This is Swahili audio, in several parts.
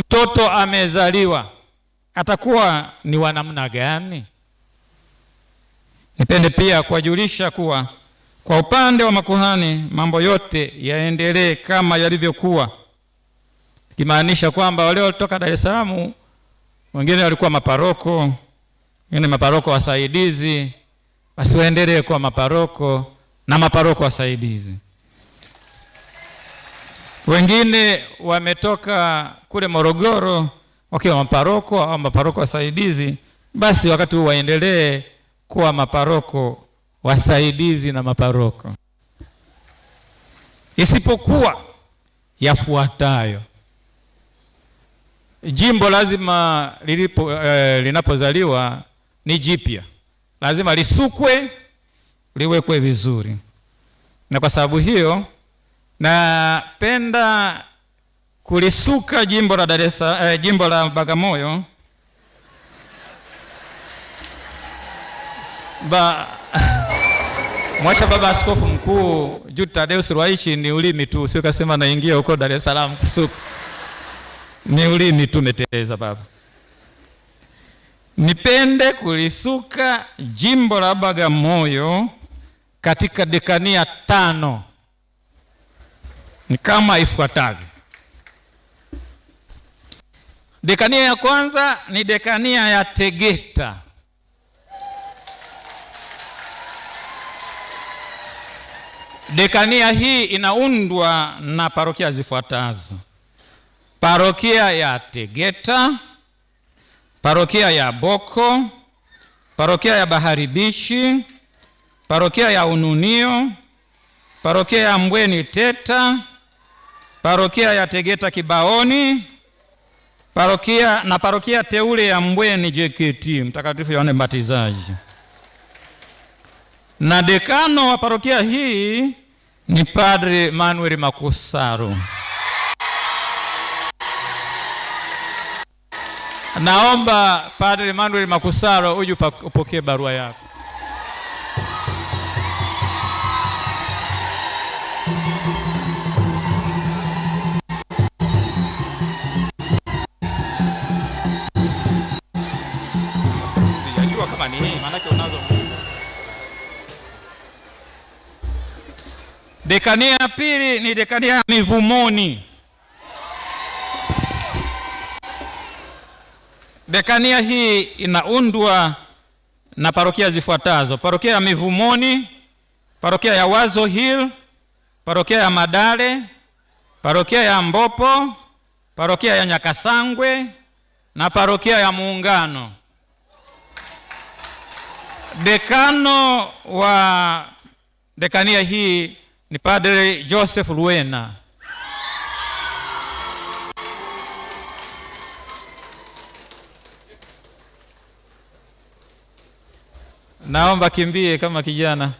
mtoto amezaliwa atakuwa ni wa namna gani? Nipende pia kuwajulisha kuwa kwa upande wa makuhani mambo yote yaendelee kama yalivyokuwa, ikimaanisha kwamba wale walitoka Dar es Salaam wengine walikuwa maparoko, wengine maparoko wasaidizi, basi waendelee kuwa maparoko na maparoko wasaidizi. Wengine wametoka kule Morogoro wakiwa maparoko au maparoko wasaidizi, basi wakati huu waendelee kuwa maparoko wasaidizi na maparoko, isipokuwa yafuatayo. Jimbo lazima lilipo, eh, linapozaliwa ni jipya, lazima lisukwe liwekwe vizuri, na kwa sababu hiyo Napenda kulisuka jimbo la Dar es Salaam, eh, jimbo la Bagamoyo ba mwasha baba askofu mkuu Jude Thaddaeus Ruwa'ichi, ni ulimi tu, sio kasema naingia huko Dar es Salaam kusuka, ni ulimi tu umeteleza baba. Nipende kulisuka jimbo la Bagamoyo katika dekania tano ni kama ifuatavyo. Dekania ya kwanza ni dekania ya Tegeta. Dekania hii inaundwa na parokia zifuatazo: parokia ya Tegeta, parokia ya Boko, parokia ya Bahari Bichi, parokia ya Ununio, parokia ya Mbweni Teta, parokia ya Tegeta Kibaoni parokia, na parokia teule ya Mbweni JKT Mtakatifu Yohane Mbatizaji, na dekano wa parokia hii ni Padre Manuel Makusaru. Naomba Padre Manuel Makusaro uje upokee barua yako. maanake unazo Dekania ya pili ni dekania ya mivumoni. Dekania hii inaundwa na parokia zifuatazo: parokia ya Mivumoni, parokia ya Wazo Hill, parokia ya Madale, parokia ya Mbopo, parokia ya Nyakasangwe na parokia ya Muungano. Dekano wa dekania hii ni Padre Joseph Luena. Naomba kimbie kama kijana.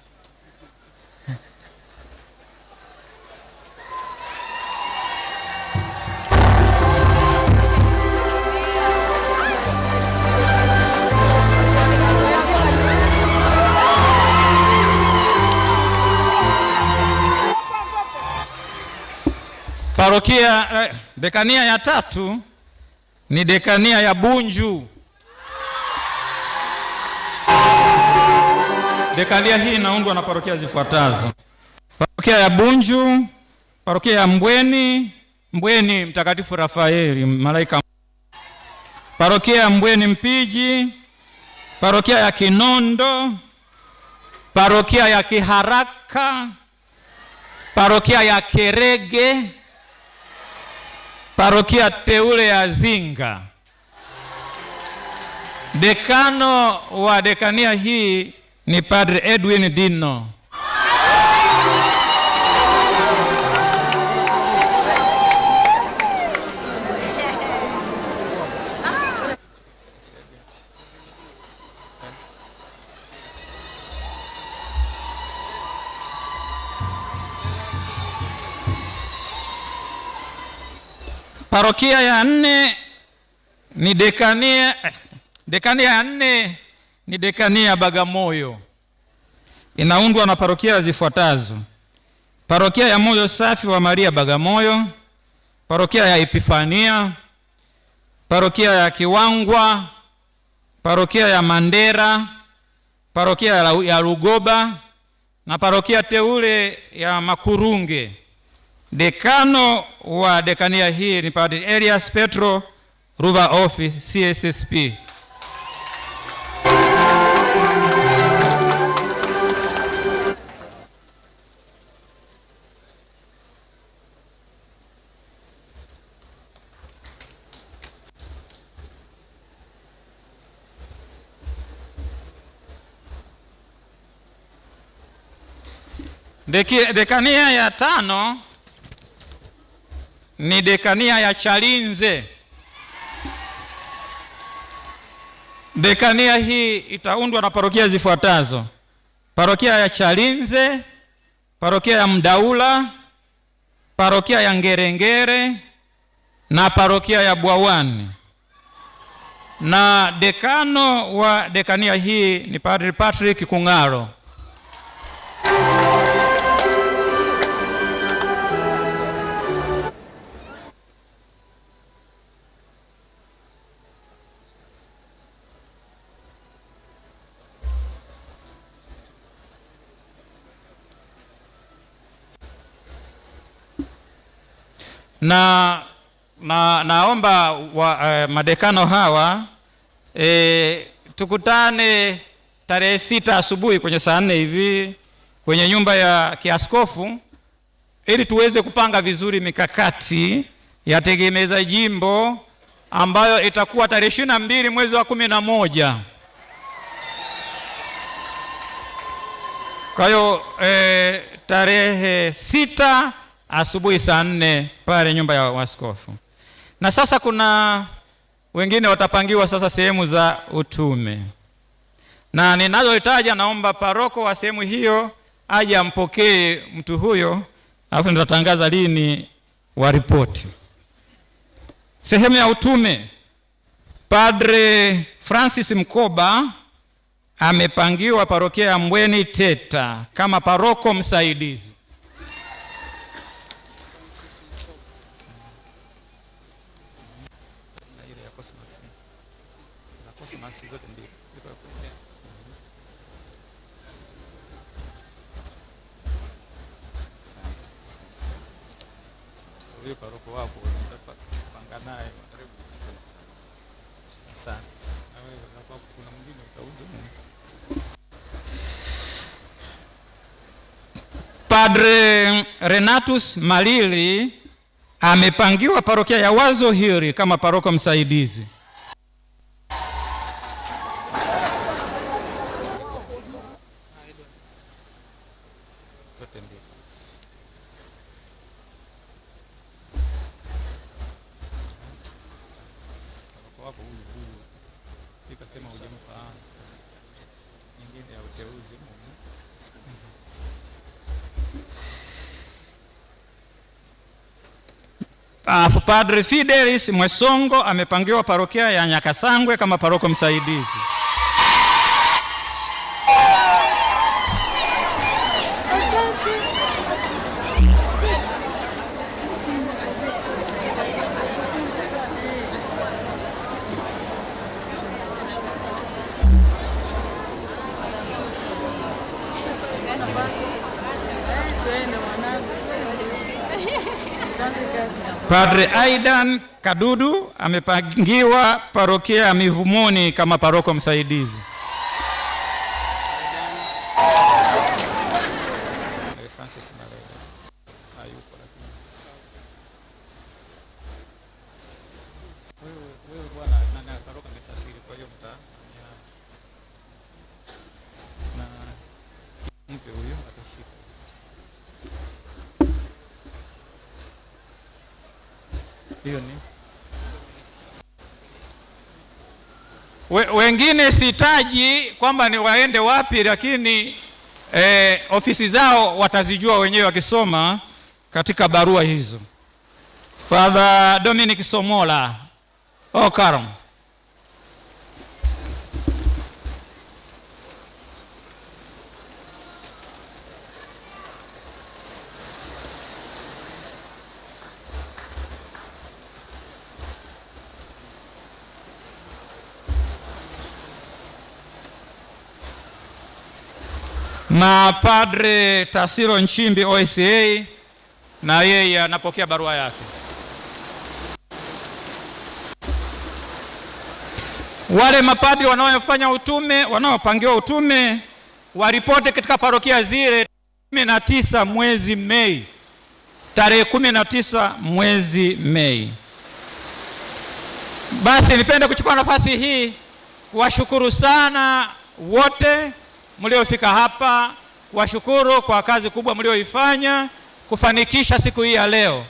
Tunaondokea eh, dekania ya tatu ni dekania ya Bunju. Dekania hii inaundwa na parokia zifuatazo: parokia ya Bunju, parokia ya Mbweni, Mbweni Mtakatifu Rafaeli malaika, parokia ya Mbweni Mpiji, parokia ya Kinondo, parokia ya Kiharaka, parokia ya Kerege Parokia teule ya Zinga, dekano wa dekania hii ni Padre Edwin Dino. Parokia ya nne ni dekania, dekania ya nne ni dekania ya Bagamoyo, inaundwa na parokia zifuatazo: parokia ya Moyo Safi wa Maria Bagamoyo, parokia ya Epifania, parokia ya Kiwangwa, parokia ya Mandera, parokia ya Rugoba na parokia teule ya Makurunge. Dekano wa dekania hii ni Padre Elias Petro Ruva office CSSP. Dekania ya tano ni dekania ya Chalinze. Dekania hii itaundwa na parokia zifuatazo: parokia ya Chalinze, parokia ya Mdaula, parokia ya Ngerengere na parokia ya Bwawani. Na dekano wa dekania hii ni Padre Patrick Kung'aro. na, na naomba wa, uh, madekano hawa e, tukutane tarehe sita asubuhi kwenye saa nne hivi kwenye nyumba ya kiaskofu ili tuweze kupanga vizuri mikakati ya tegemeza jimbo ambayo itakuwa tarehe ishirini na mbili mwezi wa kumi na moja. Kwa hiyo eh, tarehe sita asubuhi saa nne pale nyumba ya waskofu. Na sasa kuna wengine watapangiwa sasa sehemu za utume, na ninazoitaja, naomba paroko wa sehemu hiyo aje ampokee mtu huyo, alafu nitatangaza lini wa ripoti. Sehemu ya utume, Padre Francis Mkoba amepangiwa parokia ya Mbweni Teta kama paroko msaidizi. huyo paroko wako utapanga naye karibu. Asante kuna mwingine utauza Padre Renatus Malili amepangiwa parokia ya Wazo Hili kama paroko msaidizi. Afu Padre Fidelis Mwesongo amepangiwa parokia ya Nyakasangwe kama paroko msaidizi. Padre Aidan Kadudu amepangiwa parokia ya Mivumuni kama paroko msaidizi. Yuni. We, wengine sitaji kwamba ni waende wapi, lakini eh, ofisi zao watazijua wenyewe wakisoma katika barua hizo. Father Dominic Somola oh, Karamu. Mapadre Tasiro Nchimbi OSA na yeye anapokea barua yake. Wale mapadri wanaofanya utume, wanaopangiwa utume waripote katika parokia zile tisa mwezi Mei, tarehe tisa mwezi Mei. Basi nipende kuchukua nafasi hii kuwashukuru sana wote mliofika hapa, kuwashukuru kwa kazi kubwa mlioifanya kufanikisha siku hii ya leo.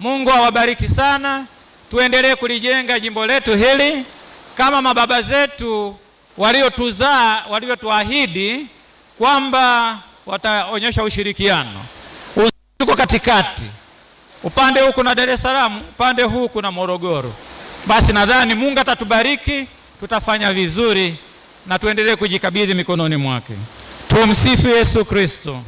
Mungu awabariki sana, tuendelee kulijenga jimbo letu hili kama mababa zetu waliotuzaa walivyotuahidi kwamba wataonyesha ushirikiano. Uko katikati, upande huu kuna Dar es Salaam, upande huu kuna Morogoro. Basi nadhani Mungu atatubariki, tutafanya vizuri na tuendelee kujikabidhi mikononi mwake. Tumsifu Yesu Kristo.